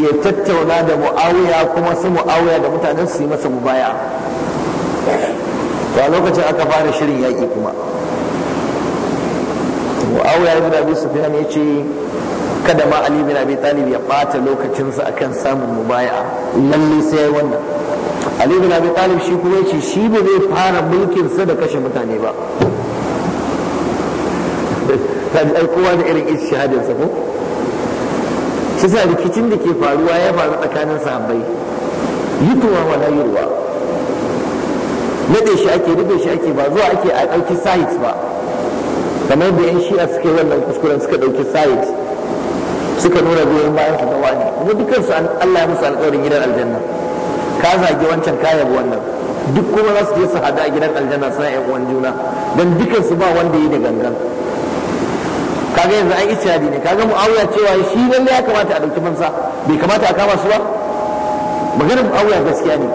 ya tattauna da mu'awiya kuma su mu'awiya da mutanen su yi masa mubaya a lokacin aka fara shirin yaƙi kuma mu'awiya ibn abi sufyan ya ce kada ma ali bin abi talib ya bata lokacinsa akan samun mubaya lalle sai wannan ali bin abi talib shi kuma ce shi ba zai fara mulkin sa da kashe mutane ba kowa da irin ishihadinsa ko shi sa rikicin da ke faruwa ya faru tsakanin sahabbai wa na yurwa nade shi ake rube shi ake ba zuwa ake a ɗauki site ba kamar da yan shi'a suka wannan kuskuren suka ɗauki site suka nuna goyon bayan su ta wani kuma dukansu Allah ya musu alƙawarin gidan aljanna ka zage wancan ka yabi wannan duk kuma za su je su hada a gidan aljanna suna yan uwan juna don dukansu ba wanda yi da gangan kaga yanzu an ijtihadi ne kaga muawiya cewa shi lalle ya kamata a dauki mansa bai kamata a kama su ba maganar muawiya gaskiya ne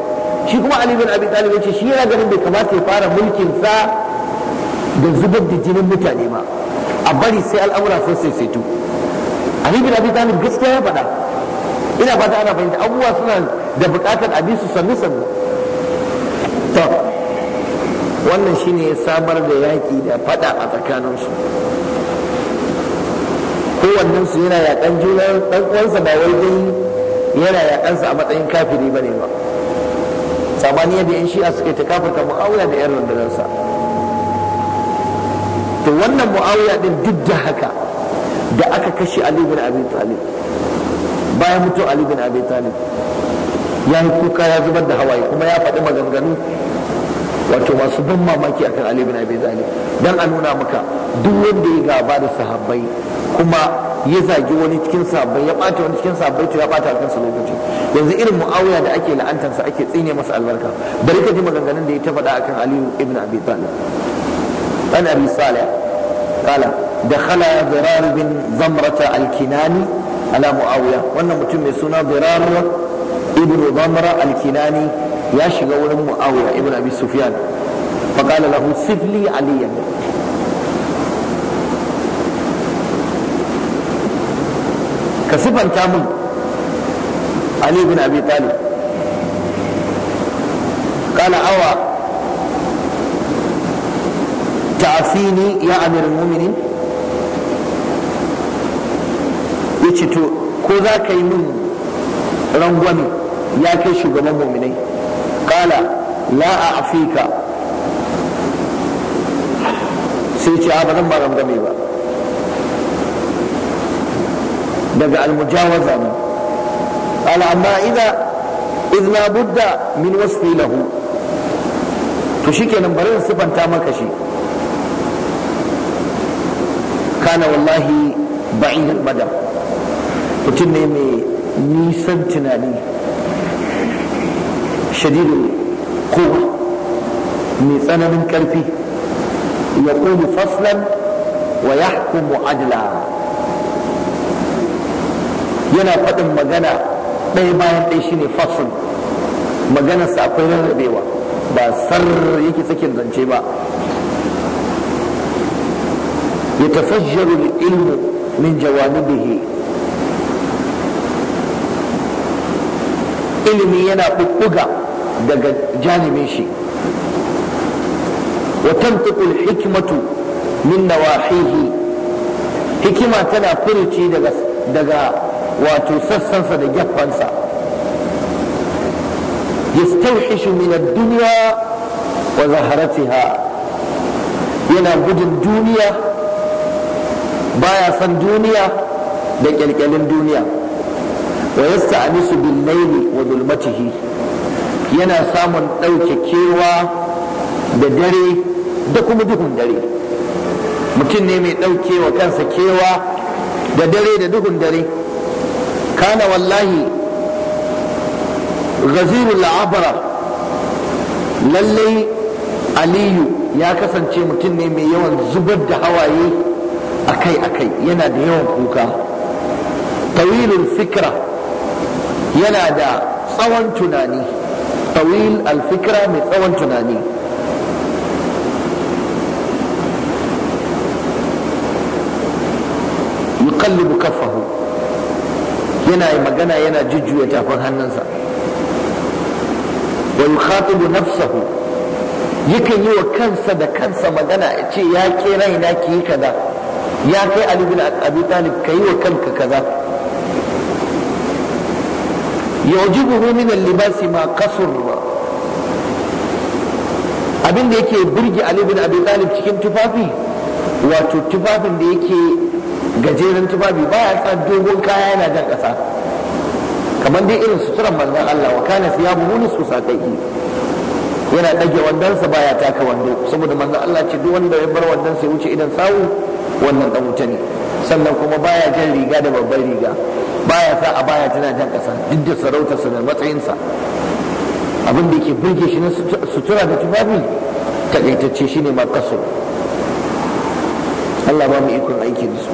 shi kuma ali bin abi talib yace shi yana ganin bai kamata ya fara mulkin sa da zubar da jinin mutane ba a bari sai al'amura sun saisaitu ali bin abi talib gaskiya ya faɗa ina fata ana fahimta abubuwa suna da bukatar a bi su sannu sannu to wannan shine ya samar da yaki da faɗa a tsakaninsu kowannen su yana yakan juna dan uwansa ba wai dai yana yakan a matsayin kafiri bane ba sabani yadda yan shi'a suke ta kafirta muawiya da yan rundunar to wannan muawiya din duk da haka da aka kashe ali bin abi talib bayan mutum ali bin talib ya yi kuka ya zubar da hawaye kuma ya faɗi maganganu wato masu ban mamaki akan ali bin abi talib dan a nuna maka duk wanda ya gaba da sahabbai kuma ya zagi wani cikin sabai ya bata wani cikin sabai to ya bata akan su lokaci yanzu irin muawiya da ake la'antar sa ake tsine masa albarka bari ka ji maganganun da ya ta akan Ali ibn Abi Talib an Abi Salih kala dakhala Zirar bin Zamrata alkinani, kinani ala muawiya wannan mutum mai suna Zirar ibn Zamra alkinani, ya shiga wurin muawiya ibn Abi Sufyan faqala lahu sifli aliyan ka sifanta min ali bin abi talib kala awa ta'fini ya amir muminin yace to ko za ka yi min rangwame ya kai shugaban muminai kala la a afika sai ce a ba zan ba rangwame ba daga almujawaza ne qala amma idza budda min wasfi lahu to shikenan bari in sifanta maka shi kana wallahi ba'id al-madam mutum ne mai nisan tunani shadidul kowa mai tsananin karfi ya faslan wa yahkumu adla yana faɗin magana ɗaya bayan ɗaya shine fasul maganarsa akwai rarrabewa ba sar yake sakin zance ba ya tafajjaru ilmu min jawanibihi ilimi yana ɓuɓɓuga daga janibin shi wa tantiqul hikmatu min nawahihi hikima tana furuci daga daga wato sassansa da geffansa yastauhishu min ad-dunya wa zaharatiha yana gudun duniya baya san duniya da kyalkyalin duniya wa yasta'nisu bil layli wa zulmatihi yana samun ɗauke kewa da dare da kuma duhun dare mutum ne mai ɗauke wa kansa kewa da dare da duhun dare kana wallahi ghazirul abrar lallai aliyu ya kasance mutum ne mai yawan zubar da hawaye akai-akai yana da yawan kuka tawilul fikra yana da tsawon tunani tawil alfikra mai tsawon tunani yuqallibu kaffahu yana magana yana jujjuya tafin hannunsa wa yukhatibu nafsahu yakan yi wa kansa da kansa magana ya ce ya ke raina ki yi kaza ya kai ali bin abi talib ka yi wa kanka kaza yujibuhu min al-libasi ma kasur abin da yake burge ali bin abi talib cikin tufafi wato tufafin da yake gajeren tufafi ba ya sa dogon kaya yana jan ƙasa kamar dai irin suturan manzan Allah wa kana siyabu hunus usatai yana ɗage wandonsa baya taka wando saboda manzan Allah ce duk wanda ya bar wandon sai wuce idan sawu wannan dan wuta ne sannan kuma baya jan riga da babban riga baya sa a baya tana jan ƙasa duk da sarautarsa da matsayinsa abin da yake burge shi na sutura da tufafi takaitacce shine makasur Allah ba mu ikon aiki da su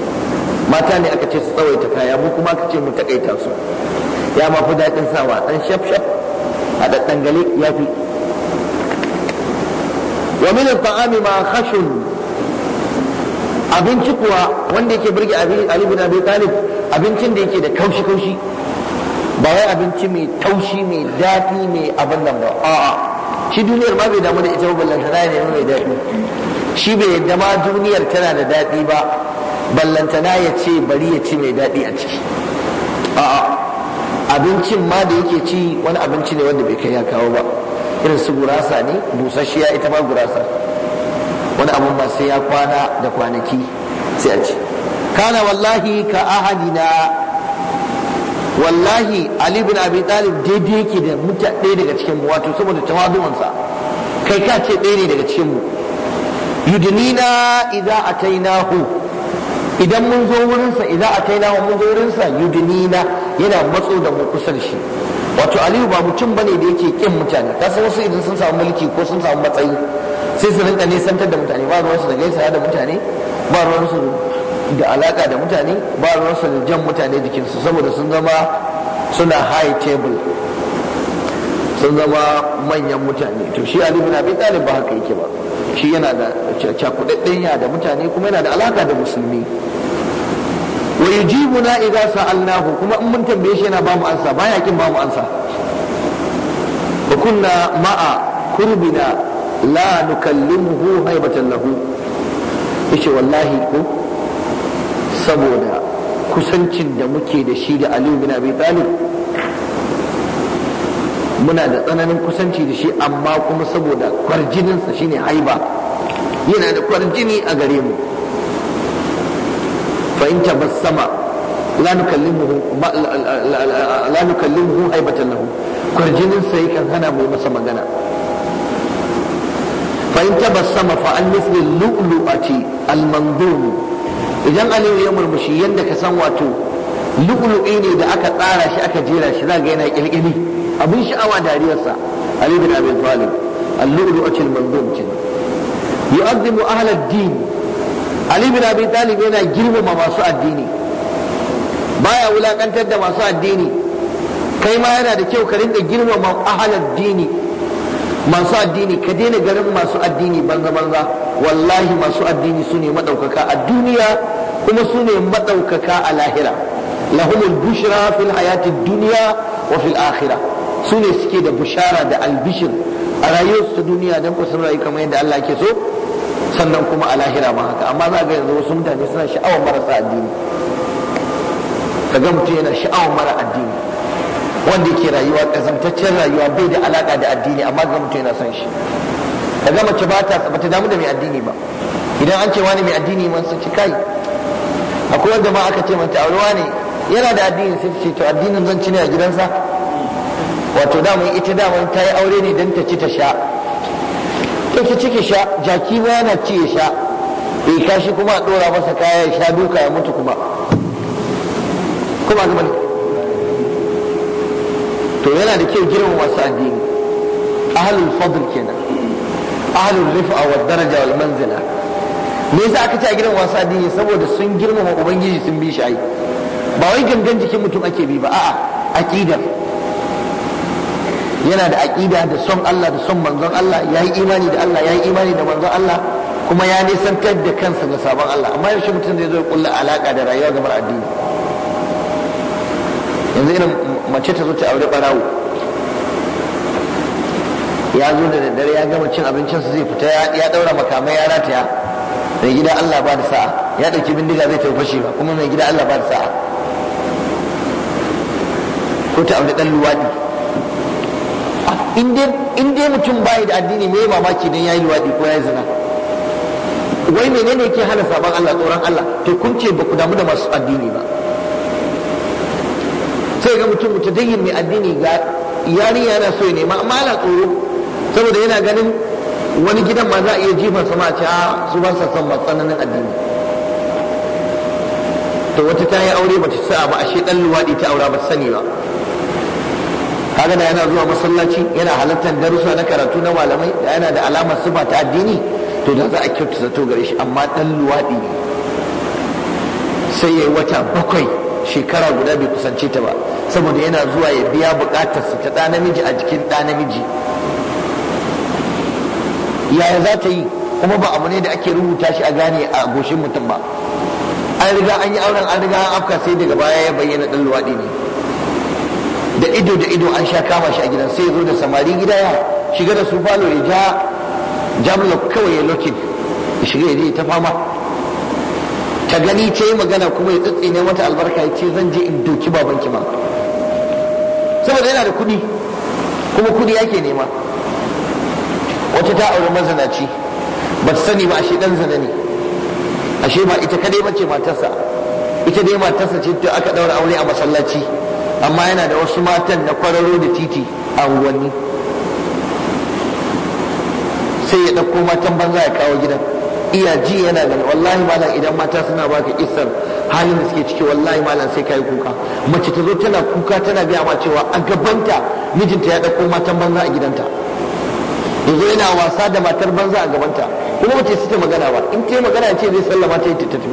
mata ne aka ce su tsawaita kaya mu kuma aka ce mu takaita su ya ma fi daɗin sawa ɗan shaf shaf a ɗaɗɗan gale ya fi wa min al-ta'ami ma khashun abinci kuwa wanda yake burge Ali bin Abi Talib abincin da yake da kaushi kaushi ba wai abinci mai taushi mai daɗi mai abin nan ba a'a shi duniyar ba bai damu da ita ba ballantana ya nemi mai daɗi shi bai yadda ma duniyar tana da daɗi ba ballantana ya ce bari ya ci mai daɗi a ciki a'a abincin ma da yake ci wani abinci ne wanda bai kai ya kawo ba irin su gurasa ne busasshiya ita ma gurasa wani abun ba sai ya kwana da kwanaki sai a ci kana wallahi ka ahadina wallahi ali bin abi talib daidai yake da muta ɗaya daga cikin mu wato saboda tawazuwansa kai ka ce ɗaya ne daga cikin mu yudnina idza atainahu idan mun zo wurinsa idza atainahu mun zo wurinsa yudnina yana matso da mu kusa da shi wato aliyu ba mutum bane da yake kin mutane ka san wasu idan sun samu mulki ko sun samu matsayi sai su rinka nisantar da mutane ba su da gaisa da mutane ba ruwan su da alaka da mutane ba ruwansa da jan mutane jikinsu saboda sun zama suna high table sun zama manyan mutane to shi ali bin abi ba haka yake ba shi yana da cakudadden ya da mutane kuma yana da alaka da musulmi wa yujibuna idza sa'alnahu kuma in mun tambaye shi yana ba mu ansa baya kin ba mu ansa Hukunna kunna ma'a kurbina la nukallimuhu haibatan lahu yace wallahi ko saboda kusancin da muke da shi da aliyu bin abi talib muna da tsananin kusanci da shi amma kuma saboda kwarjininsa shine haiba yana da kwarjini a gare mu fa in tabassama la nukallimuhu la nukallimuhu haibatan lahu kwarjininsa kan hana mu masa magana fa in tabassama fa an mithlu lu'lu'ati al-mandum idan aliyu ya murmushi yadda ka san wato lu'ulu'i ne da aka tsara shi aka jera shi za ga yana kirkiri abin sha'awa dariyarsa ali bin abi talib al-lu'lu'atul mandum kin yu'azzimu ahlad din ali bin abi talib yana girmama masu addini baya wulakantar da masu addini kai ma yana da kyau ka rinda girmama ahlad dini masu addini ka daina garin masu addini banza banza wallahi masu addini su ne maɗaukaka a duniya kuma su ne maɗaukaka a lahira lahumul bushra fil hayati duniya wa fil akhira su ne suke da bushara da albishir a rayuwarsu ta duniya don kusan rayu kamar yadda Allah ke so sannan kuma a lahira ma haka amma za ga yanzu wasu mutane suna sha'awar marasa addini ga mutum yana sha'awar mara addini wanda yake rayuwa kazantaccen rayuwa bai da alaka da addini amma ga mutum yana son shi ka ga mace ba ta bata damu da mai addini ba idan an ce wani mai addini man su ci kai akwai wanda ma aka ce mata aurewa ne yana da addini sai ce to addinin zan ci ne a gidansa wato daman ita daman ta yi aure ne don ta ci ta sha to ki ciki sha jaki ma yana ci ya sha bai kashi kuma a dora masa kaya ya sha duka ya mutu kuma kuma gaban to yana da kyau girma masu addini ahlul fadl kenan ahlul rif'a wa daraja wal manzila me yasa aka ce a gidan wasa addini saboda sun girmama ubangiji sun bi shi ai ba wai gangan jikin mutum ake bi ba a'a aqidar yana da aqida da son Allah da son manzon Allah yayi imani da Allah yayi imani da manzon Allah kuma ya nisantar da kansa ga sabon Allah amma yaushe mutum zai zo ya kula alaka da rayuwa gamar addini yanzu irin mace ta zo ta aure barawo ya zo da daddare ya gama cin su zai fita ya daura makamai ya rataya mai gida Allah ba da sa'a ya ɗauki bindiga zai tafi fashe ba kuma mai gida Allah ba da sa'a ko ta abu dan luwadi luwaɗi in dai mutum bai da addini me mamaki don ya yi ko ya yi zina wai menene yake hana sabon Allah tsoron Allah to kun ce ba ku damu da masu addini ba sai ga mutum mutadayyin mai addini ga yarinya yana so ya nema amma ana tsoro saboda yana ganin wani gidan ma za a iya jifa sama ce a ah, su ba sa son matsananin addini to wata ta yi aure ba ta sa ba ashe dan luwaɗi ta aura ba ta sani ba kaga da yana zuwa masallaci yana halartar darussa na karatu na malamai da yana da alamar su ba ta addini to da za a kyautata to gare shi amma ɗan luwaɗi ne sai ya yi wata bakwai shekara guda bai kusance ta ba saboda yana zuwa ya biya bukatarsa ta ɗa namiji a jikin ɗa namiji yaya za ta yi kuma ba abu ne da ake rubuta shi a gane a goshin mutum ba an riga an yi auren an riga an afka sai daga baya ya bayyana dan luwaɗi ne da ido da ido an sha kama shi a gidan sai ya zo da samari gida ya shiga da su falo ya ja jamlo kawai ya loke ya shiga ya ta fama ta gani ta yi magana kuma ya tsitsine mata albarka ya ce zan je in doki babanki ma saboda yana da kuɗi kuma kuɗi yake nema wata ta auri mazanaci ba ta sani ba ashe dan zana ne ashe ba ita kadai bace matarsa ita dai matarsa ce ta aka daura aure a masallaci amma yana da wasu matan na kwararo da titi a unguwanni sai ya ɗauko matan banza ya kawo gidan iya ji yana da wallahi malam idan mata suna baka kissar halin da suke ciki wallahi malam sai kai kuka mace ta zo tana kuka tana biya ma cewa a gabanta mijinta ya ɗauko matan banza a gidanta yanzu yana wasa da matar banza a gabanta kuma mace su ta magana ba in ta magana ce zai sallama ta yi ta tafi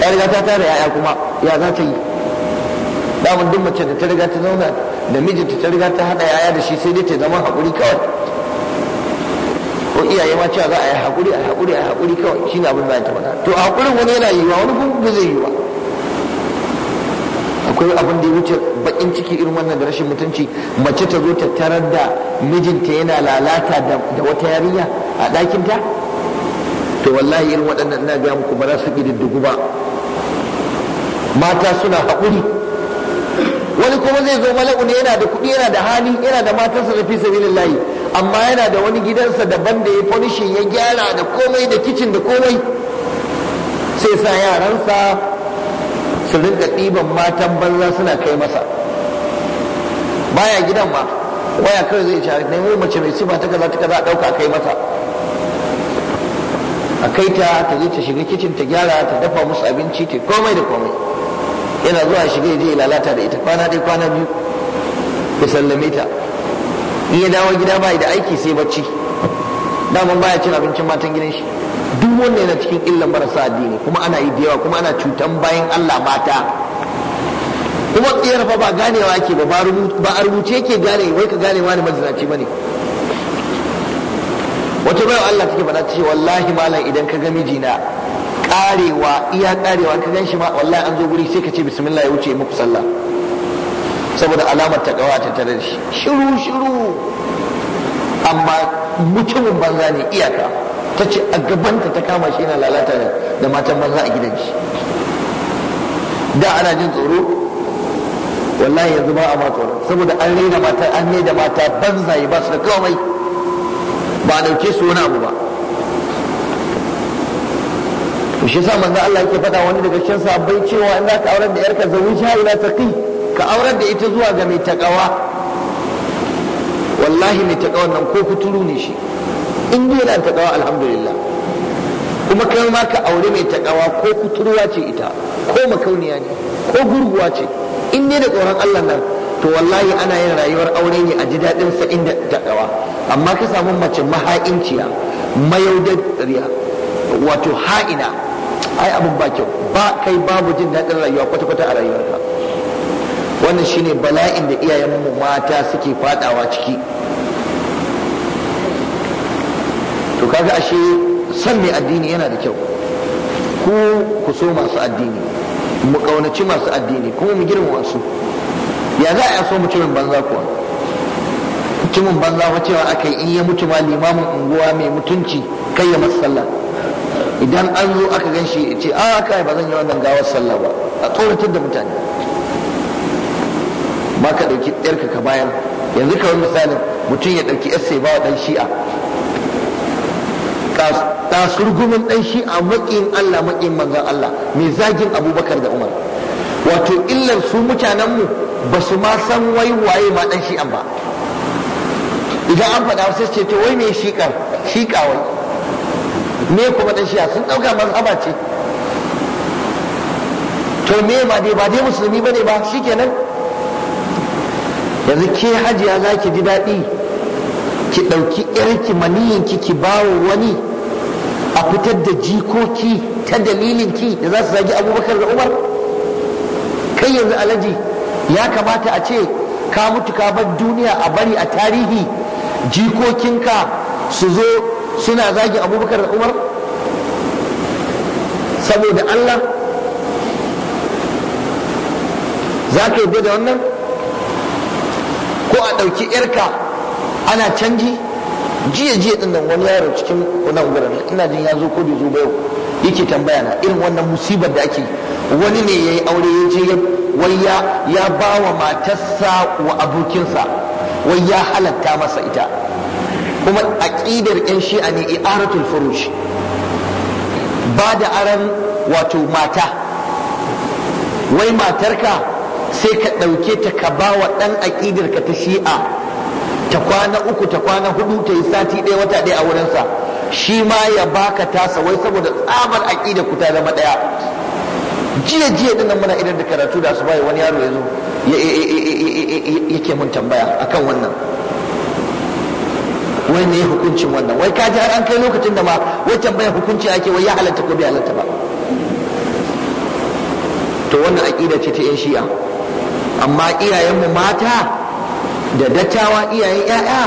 ya riga ta tara yaya kuma ya za ta yi damar duk mace da ta riga ta zauna da mijinta ta riga ta haɗa yaya da shi sai dai ta zama haƙuri kawai ko iyaye ma cewa za a yi haƙuri a haƙuri a haƙuri kawai shi na abin da ya ta to haƙurin wani yana yi wani kuma zai yi akwai abin da ya wuce bakin ciki irin wannan da rashin mutunci mace ta zo ta tarar da mijinta yana lalata da wata yarinya a ɗakinta to wallahi irin waɗannan ina ga muku ba za su ƙididdigu ba mata suna haƙuri wani kuma zai zo mala'u ne yana da kuɗi yana da hali yana da matarsa da fi sabilillahi amma yana da wani gidansa daban da ya furnishin ya gyara da komai da kicin da komai sai sa yaransa su rinka ɗiban matan banza suna kai masa baya gidan ma waya kawai zai ce nemi mace mai sifa ta kaza ta kaza ɗauka kai mata a kai ta ta zai ta shiga kicin ta gyara ta dafa musu abinci ta komai da komai yana zuwa shiga ya je lalata da ita kwana ɗaya kwana biyu ya sallame ta in ya dawo gida bai da aiki sai bacci daman baya cin abincin matan gidan shi duk wanda yana cikin illan marasa addini kuma ana yi da yawa kuma ana cutan bayan Allah mata kuma tsiyar fa ba ganewa ake ba ba a rubuce ke gane wai ka ganewa ne mazinaci ne wata bayan Allah take faɗa ce wallahi malam idan ka ga mijina karewa iya karewa ka gan shi ma wallahi an zo guri sai ka ce bismillah ya wuce muku sallah saboda alamar ta takawa ta tare da shi shiru shiru amma mutumin banza ne iyaka ta ce a gabanta ta kama shi yana lalata da matan banza a gidan shi da ana jin tsoro wallahi yanzu ba a ma tsoro saboda an raina mata an ne da mata banzaye ba su da komai ba a dauke su wani abu ba to shi yasa manzo Allah yake faɗa wani daga cikin sahabbai cewa in za ka aurar da yarka zawija ila taqi ka aurar da ita zuwa ga mai takawa wallahi mai takawan nan ko kuturu ne shi in dai yana takawa alhamdulillah kuma kai ma ka aure mai taƙawa ko kuturwa ce ita ko makauniya ne ko gurguwa ce in dai da tsoron Allah nan to wallahi ana yin rayuwar aure ne a ji daɗin sa inda taƙawa. amma ka samu mace maha'inciya mayaudariya wato ha'ina ai abin ba kyau ba kai babu jin daɗin rayuwa kwata-kwata a rayuwarka wannan shine bala'in da iyayenmu mata suke faɗawa ciki to kaga ashe san mai addini yana da kyau ku ku so masu addini mu kaunaci masu addini kuma mu girmama wasu. ya za a so mutumin banza kuwa mutumin banza wa cewa aka in ya mutu ma limamin unguwa mai mutunci kai ya sallah idan an zo aka gan shi ce a aka ba zan yi wannan gawar sallah ba a tsoratar da mutane ba ka ɗauki ɗarka ka bayan yanzu kawai misalin mutum ya ɗauki yarsa ba wa ɗan shi'a kasurgumin dan shi a makin Allah makin manzan Allah mai zagin abubakar da umar wato illar su mutanenmu ba su ma san wai waye ma shi an ba idan an faɗa sai ce to wai me shiƙar shiƙa wai me kuma ɗan a? sun ɗauka mazhaba ce to me ma dai ba dai musulmi bane ba shikenan yanzu ke hajiya za ki ji daɗi ki ɗauki yarki maniyinki ki bawo wani a fitar da jikoki ta dalilin ki da za su zagi abubakar da umar kai yanzu alaji ya kamata a ce ka mutu ka bar duniya a bari a tarihi jikokinka su zo suna zagi abubakar da umar saboda allah za ka yi da wannan ko a ɗauki yarka ana canji jiya jiya din nan wani yaro cikin wannan gurin ina jin ya zo ko bai zo ba yau yake tambaya na irin wannan musibar da ake wani ne yayi aure ya je wai ya ya ba wa matarsa wa abokinsa wai ya halatta masa ita kuma aqidar yan shi'a ne i'aratul furuj ba da aran wato mata wai matarka sai ka ɗauke ta ka ba wa ɗan aƙidarka ta shi'a ta kwana uku ta kwana hudu ta yi sati ɗaya wata ɗaya a wurinsa shi ma ya baka tasa wai saboda tsamar aƙida ku ta zama ɗaya jiya jiya din nan muna idan da karatu da asuba wani yaro ya zo yake mun tambaya akan wannan wai ne hukuncin wannan wai kaji har an kai lokacin da ma wai tambayar hukunci ake wai ya halatta ko bai halatta ba to wannan aƙida ce ta 'yan shi'a amma iyayenmu mata da dattawa iyayen 'ya'ya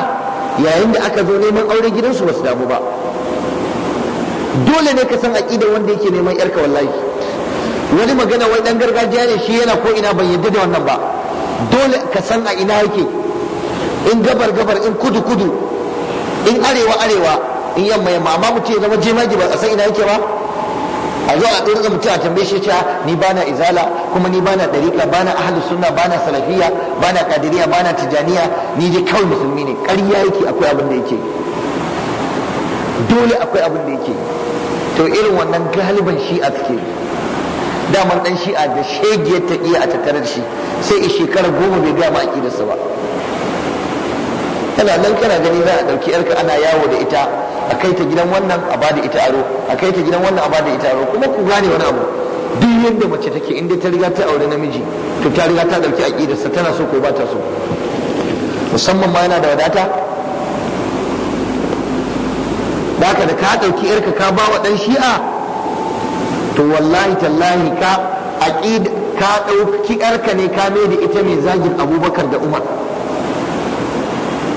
yayin da aka zo neman auren gidansu ba su damu ba dole ne ka san aƙidar wanda yake neman yarka wallahi wani magana wai dan gargajiya ne shi yana ko ina ban yadda da wannan ba dole ka san a ina yake in gabar gabar in kudu kudu in arewa arewa in yamma yamma amma mutum ya zama jemagi ba a san ina yake ba a zo a turka mutum a tambaye shi cewa ni bana izala kuma ni bana ɗarika, bana ahlus sunna bana salafiyya bana qadiriyya bana tijaniya ni dai kawai musulmi ne ƙarya yake akwai abin da yake dole akwai abin da yake to irin wannan galiban shi'a suke daman shi a da shegiyar ta iya a tattarar shi sai in shekara goma bai gaya ma aƙidarsa ba kana nan kana gani za a ɗauki yarka ana yawo da ita a kai ta gidan wannan a bada ita aro a kai ta gidan wannan a bada ita aro kuma ku gane wani abu duk yadda mace take inda ta riga ta aure namiji to ta riga ta dauki sa tana so ko ba ta so musamman ma yana da wadata da ka da ka dauki yarka ka ba wa dan shi'a to wallahi tallahi ka aqid ka dauki yarka ne ka mai da ita mai zagin abubakar da umar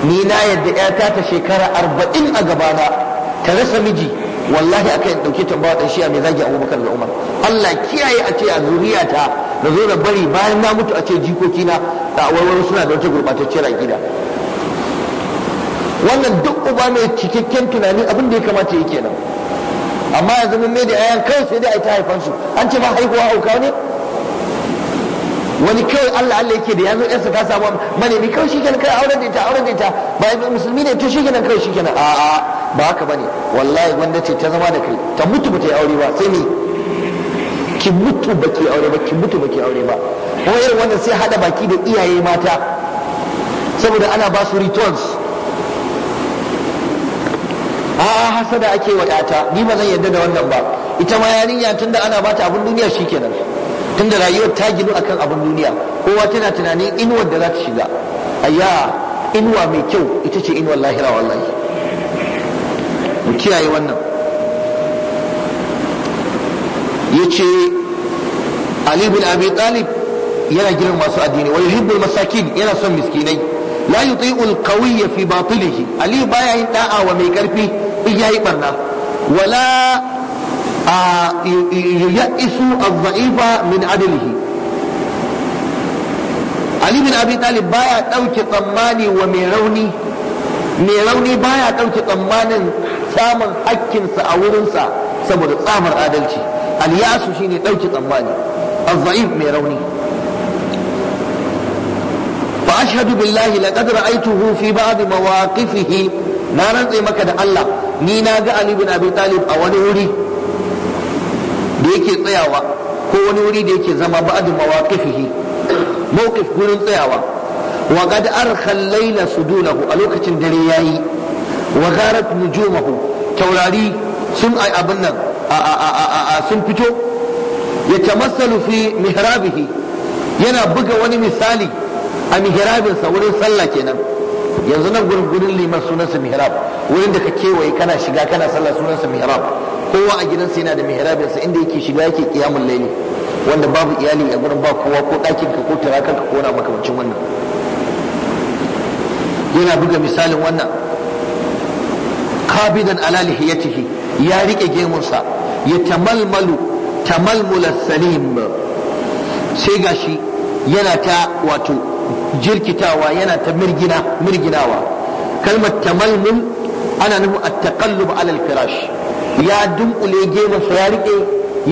ni na yadda 'yata ta shekara arba'in a gabana ta rasa miji wallahi aka dauke ta ba shi mai zagi Abubakar da Umar Allah kiyaye a ce a zuriyata na zo na bari bayan na mutu a ce jikoki na da warwaro suna da wata gurbatacciyar gida. wannan duk uba mai cikakken tunani abin da ya kamata ya nan. amma yanzu mun mai da ayan kawai sai dai a ta haifansu an ce ma haihuwa hauka ne wani kawai Allah Allah yake da yanzu yarsa ta samu manemi kawai kenan kai auren da ita auren da ita bayan musulmi ne shi kenan kawai kenan a'a ba haka bane wallahi wanda ce ta zama da kai ta mutu bata yi aure ba sai ni ki mutu baki aure ba ki mutu baki aure ba ko irin wanda sai hada baki da iyaye mata saboda ana ba su returns a hasada ake wa yata ni ba zan yarda da wannan ba ita ma yarinya tunda ana ba ta abun duniya shikenan tunda rayuwar ta ginu akan abun duniya kowa tana tunanin inuwar da za ta shiga ayya inuwa mai kyau ita ce inuwar lahira wallahi kiyaye wannan ya ce ali bin abi talib yana girin masu addini wa yuhibbul masakin yana son miskinai la yuti'u al-qawiyya fi batilihi ali baya yin da'a wa mai karfi in yayi barna wala ya'isu al-dha'ifa min adlihi ali bin abi talib baya dauke tsammani wa mai rauni mai rauni baya dauke tsammanin samun hakkinsa a wurinsa saboda tsamar adalci alyasu shine ɗauki tsammani azza'if mai rauni fa ashhadu billahi laqad ra'aytuhu fi ba'd mawaqifihi na rantse maka da Allah ni na ga Ali bin Abi Talib a wani wuri da yake tsayawa ko wani wuri da yake zama ba'd mawaqifihi mawqif gurin tsayawa wa qad arkha al-layla sudulahu a lokacin dare yayi wagarat nujumahu taurari sun ai abin nan sun fito ya tamassalu fi mihrabihi yana buga wani misali a sa wurin sallah kenan yanzu nan gurin gurin sunan sunansa mihrab wurin da ka kewaye kana shiga kana sallah sunansa mihrab kowa a gidansa yana da sa inda yake shiga yake qiyamul layli wanda babu iyali a gurin ba kowa ko ɗakin ka ko turakan ka ko na makamancin wannan yana buga misalin wannan qabidan ala lihiyatihi ya rike gemunsa ya tamalmalu tamalmul salim sai gashi yana ta wato jirkitawa yana ta mirgina mirginawa kalmar tamalmul ana nufin at-taqallub ala al-firash ya dunkule gemunsa ya rike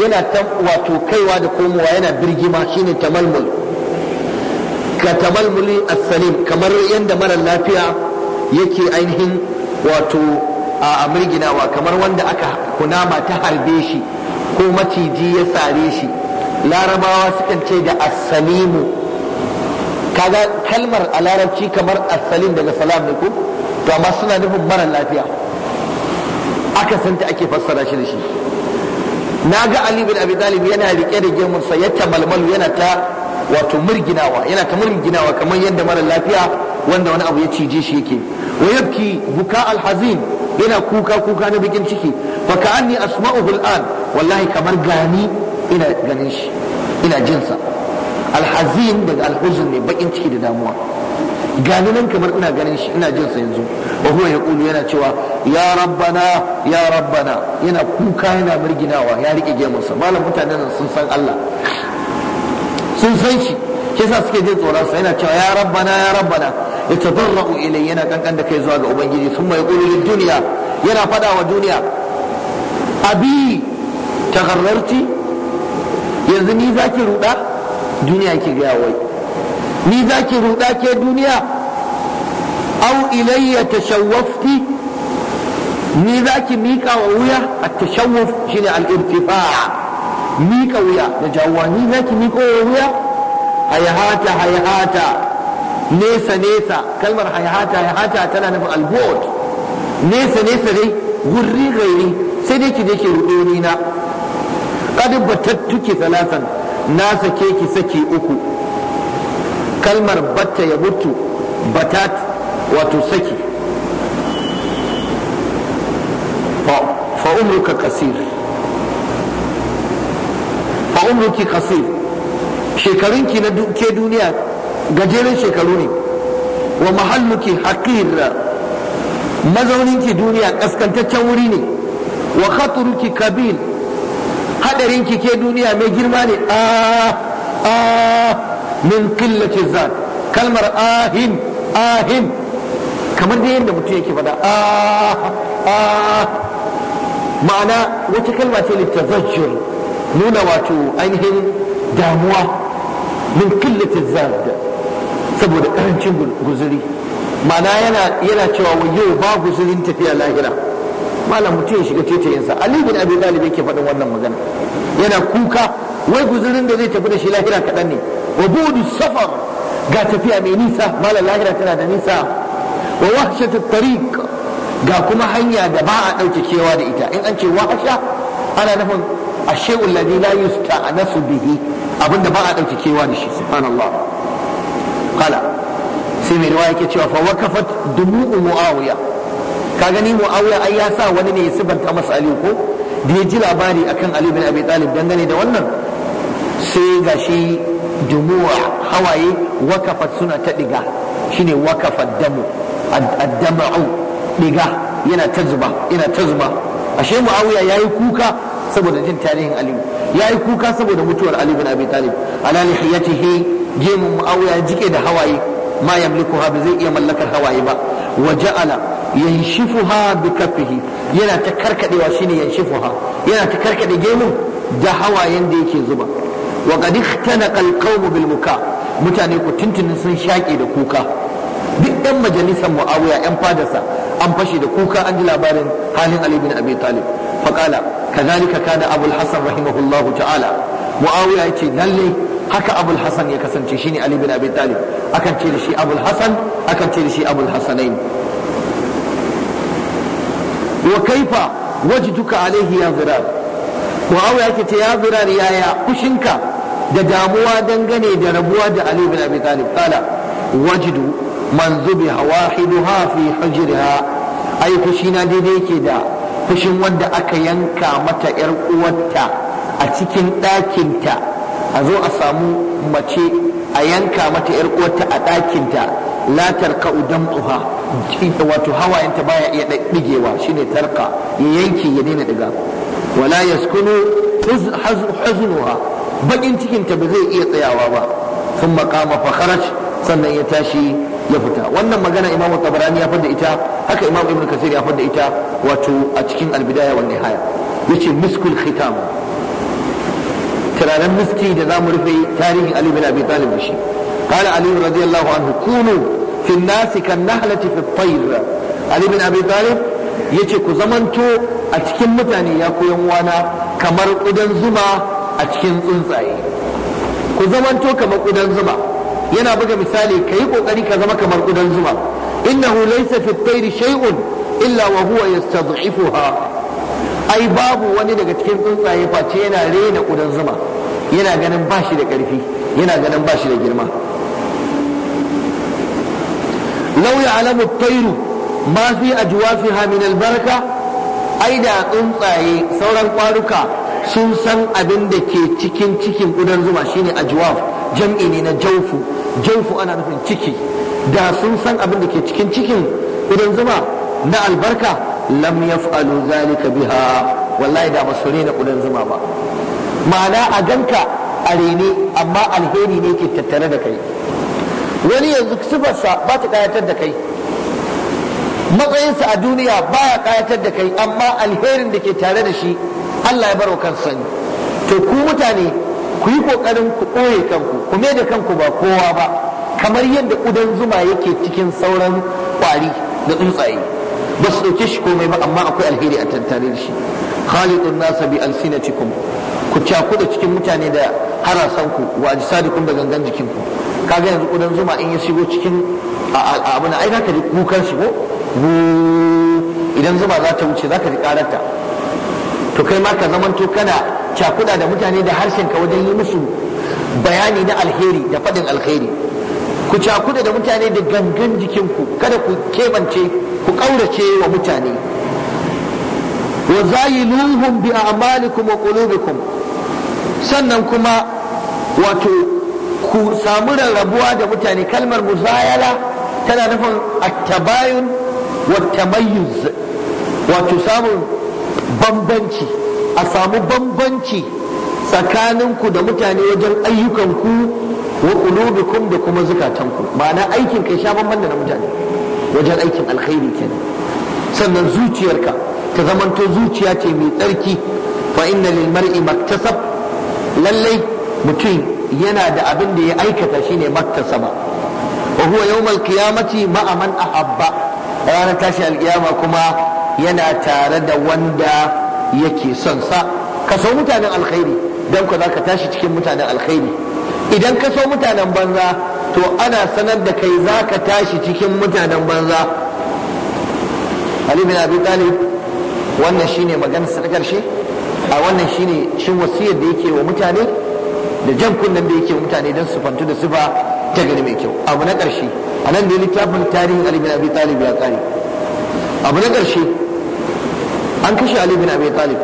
yana ta wato kaiwa da komowa yana birgima shine tamalmul ka tamalmuli as-salim kamar yanda mara lafiya yake ainihin wato a mirginawa kamar wanda aka kunama ta harbe shi ko maciji ya sare shi larabawa sukan ce da asalimu kaga kalmar a larabci kamar asalin daga salam ne ko to amma suna nufin mara lafiya aka san ta ake fassara shi da shi na ga ali bin abi talib yana rike da gemunsa ya malmalu, yana ta wato murginawa yana ta murginawa kamar yadda mara lafiya wanda wani abu ya cije shi yake wa yabki buka alhazin yana kuka kuka na bikin ciki fa ka anni asma'uhu al'an wallahi kamar gani ina ganin shi ina jinsa alhazin daga alhuzun ne bakin ciki da damuwa gani nan kamar ina ganin shi ina jinsa yanzu wa huwa yaqulu yana cewa ya rabbana ya rabbana yana kuka yana murginawa ya rike gemunsa malam mutanen nan sun san Allah sun san shi kisa suke jin tsoron sa yana cewa ya rabbana ya rabbana yatadarra'u ilai yana kankan da kai zuwa ga ubangiji sun yaqulu lid duniya, yana fada wa duniya abi tagharrarti yanzu ni za ki ruda duniya ki ga wai ni ki ruda ke duniya au ilayya tashawwafti ni za ki mika wa wuya A tashawwuf shine al-irtifa' mika wuya da jawwa ni za ki miko wa wuya hayhata hayhata nesa nesa kalmar hayata hayata tana nufin albot nesa nesa dai gurri gairi sai dai ki je ki ruɗe na qad batattuki salasan na sake ki saki uku kalmar batta ya mutu batat wato saki fa umruka kasir fa umruki kasir shekarunki na ke duniya gajeren shekaru ne wa mahalluki mazaunin mazauninki duniya ƙaskantaccen wuri ne wa khaturuki kabil haɗarinki ke duniya mai girma ne a a min killace zan kalmar ahin ahin kamar da yadda mutum yake faɗa a a ma'ana wata kalma ce littafajjir nuna wato ainihin damuwa min killace zan saboda karancin guzuri mana yana cewa wayo ba guzurin tafiya lahira malam mutum ya shiga tetayensa ali bin abi talib yake faɗin wannan magana yana kuka wai guzurin da zai tafi da shi lahira kaɗan ne wa budu safar ga tafiya mai nisa malam lahira tana da nisa wa wahshatu tariq ga kuma hanya da ba a ɗauke kewa da ita in an ce wahsha ana nufin ashe'ul ladhi la nasu bihi abinda ba a ɗauke kewa da shi subhanallah qala sai mai riwaya ke cewa fa wakafat dumu muawiya ka gani muawiya ai ya sa wani ne ya sibanta masa ali ko da ya ji labari akan ali bin abi talib dangane da wannan sai gashi dumuwa hawaye wakafat suna ta diga shine wakafat damu addama'u diga yana ta zuba yana ta zuba ashe muawiya yayi kuka saboda jin tarihin ali yayi kuka saboda mutuwar ali bin abi talib ala lihiyatihi gemun ma'auya ya jike da hawaye ma ba zai iya mallakar hawaye ba wa ja'ala yanshifuha bi kaffihi yana ta karkadewa shine yanshifuha yana ta karkade gemun da hawayen da yake zuba wa qad ikhtanaqa al bil muka mutane ku tuntunin sun shaƙe da kuka duk yan majalisar muawiya yan fadarsa an fashe da kuka an ji labarin halin ali bin abi talib faqala kadhalika kana abul hasan rahimahullahu ta'ala muawiya yace lalle haka abul hasan ya kasance shine ali bin abi talib akan ce da shi abul hasan akan ce da shi abul hasanain wa kaifa wajduka alaihi ya zirar muawiya yake ce ya zirar yaya kushinka da damuwa dangane da rabuwa da ali bin abi talib qala wajdu man zubiha wahiduha fi hujriha ai na daidai yake da kushin wanda aka yanka mata yar uwarta a cikin ɗakinta a zo a samu mace a yanka mata yar uwarta a ɗakinta la tarka udan tsuha wato hawayenta baya iya ɗigewa shine tarka ya yanke ya daina diga wala yaskunu hazunuha bakin cikinta ba zai iya tsayawa ba sun makama fakharaj sannan ya tashi ya fita wannan magana imamu tabarani ya fada ita haka imamu ibn kasir ya fada ita wato a cikin albidaya wal nihaya yace miskul khitam turaren miski da za mu rufe tarihin Ali bin Abi Talib da shi qala Ali radiyallahu anhu kunu fi an kan nahlati fi at-tayr Ali bin Abi Talib yace ku zamanto a cikin mutane ya koyan wana kamar kudan zuma a cikin tsuntsaye ku zamanto kamar kudan zuma yana buga misali ka yi kokari ka zama kamar kudan zuma innahu laysa fi at-tayr shay'un illa wa huwa yastad'ifuha ai babu wani daga cikin tsuntsaye face yana rena ƙudan zuma yana ganin ba shi da ƙarfi yana ganin ba shi da girma Lauya alamu tairu ma fi ajwafiha min albarka ai da tsuntsaye sauran kwaruka sun san abin da ke cikin cikin ƙudan zuma shine ajwaf jam'i ne na jaufu jaufu ana nufin ciki da sun san abin da ke cikin cikin ƙudan zuma na albarka lam yaf'alu zalika biha wallahi da basu na kudin zuma ba ma'ana a ganka a rene amma alheri ne ke tattare da kai wani yanzu sifarsa ba ta kayatar da kai matsayinsa a duniya ba ya kayatar da kai amma alherin da ke tare da shi Allah ya baro kan sani to ku mutane ku yi kokarin ku ɓoye kanku ku mai da kanku ba kowa ba kamar yadda ƙudan zuma yake cikin sauran kwari da tsuntsaye ba su ɗauke shi komai ba amma akwai alheri a tantare da shi khalidun nasa bi alsinatikum ku da cikin mutane da harasanku wa ajsadikum da gangan jikinku kaga yanzu kudan zuma in ya shigo cikin abin ai zaka ji kukan shi ko idan zuma za ta wuce zaka ji karanta to kai ma ka zamanto kana cakuda da mutane da harshenka wajen yi musu bayani na alheri da faɗin alheri ku cakuda da mutane da gangan jikinku kada ku kebance ƙaurace wa mutane wa zayiluhum bi a'malikum wa qulubikum sannan kuma wato ku samu rarrabuwa da mutane kalmar muzayala tana nufin attabayun tabayun wa tamayyuz wato samun bambanci a samu bambanci tsakaninku da mutane wajen ayyukanku wa qulubikum da kuma zukatanku ma'ana aikin kai sha bamban na mutane wajen aikin alkhairi kenan sannan zuciyarka ta zamanto zuciya ce mai tsarki fa inna lil mar'i maktasab lallai mutum yana da abin da ya aikata shine maktasaba wa huwa yawmal qiyamati ma'a man ahabba ranar tashi alkiyama kuma yana tare da wanda yake son sa ka so mutanen alkhairi dan ku zaka tashi cikin mutanen alkhairi idan ka so mutanen banza to ana sanar da kai za ka tashi cikin mutanen banza Ali bin Abi Talib wannan shine maganarsa ta karshe a wannan shine shin wasiyar da yake wa mutane da jan kunnen da yake wa mutane don su fantu da sifa ta gani mai kyau abu na karshe a nan da littafin tarihin Ali bin Abi Talib ya kare abu na karshe an kashe Ali bin Abi Talib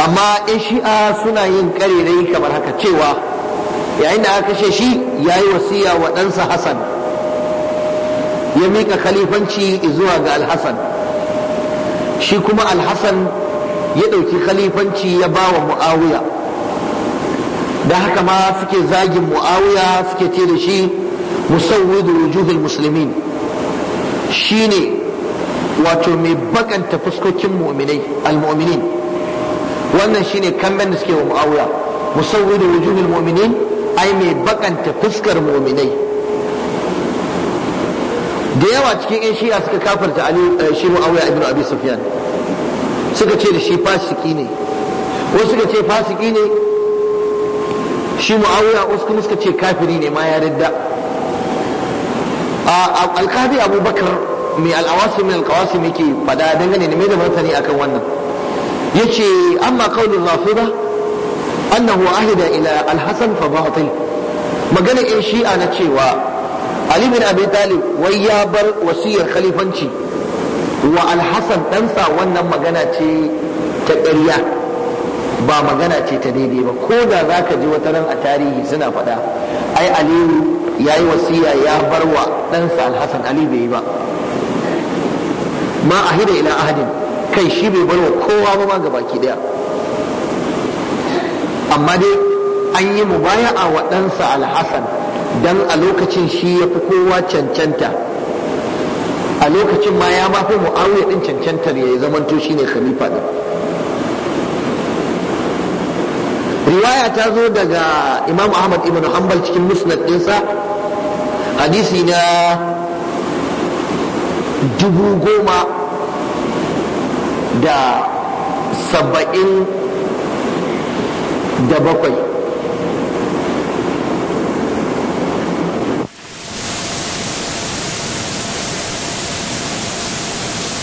amma in shi'a suna yin karerai kamar haka cewa yayin da aka kashe shi ya yi wasiya wa ɗansa hassan ya mika khalifanci zuwa ga alhassan shi kuma alhassan ya ɗauki khalifanci ya ba wa mu'awiya da haka ma suke zagin mu'awiya suke ce da shi musawwidu wujuhul shi ne wato mai bakanta fuskokin mu'minai al-mu'minin wannan shine kamben da suke wa mu'awiya da wujuhul mu'minin ai mai bakanta fuskar muminai da yawa cikin 'yan shi'a suka kafarta ali eh, shi mu'awiya ibn abi sufyan suka ce da shi fasiki ne wasu suka ce fasiki ne shi mu mu'awiya wasu kuma suka ce kafiri ne ma ya ridda alkafi abubakar mai al'awasi mai alkawasim yake fada dangane da mai da martani akan wannan yace amma kaulin rafida annahu ahida ila al-hasan fa batil magana in shi'a na cewa ali bin abi wai ya bar wasiyar khalifanci wa al-hasan ɗansa wannan magana ce ta ƙarya ba magana ce ta daidai ba ko da za ka ji wata ran a tarihi suna faɗa ai aliyu ya yi wasiya ya bar wa ɗansa alhassan ali bai yi ba ma ila ahadin kai shi bai bar wa kowa ba ma ga baki ɗaya amma dai an yi mubaya'a a waɗansa alhassan don a lokacin shi ya fi kowa cancanta a lokacin ma ya ma fi mu'awiya din cancantar ya yi zamanto ne khalifa din riwaya ta zo daga imam ahmad ibn hanbal cikin musnad ɗinsa hadisi na dubu goma da saba'in da bakwai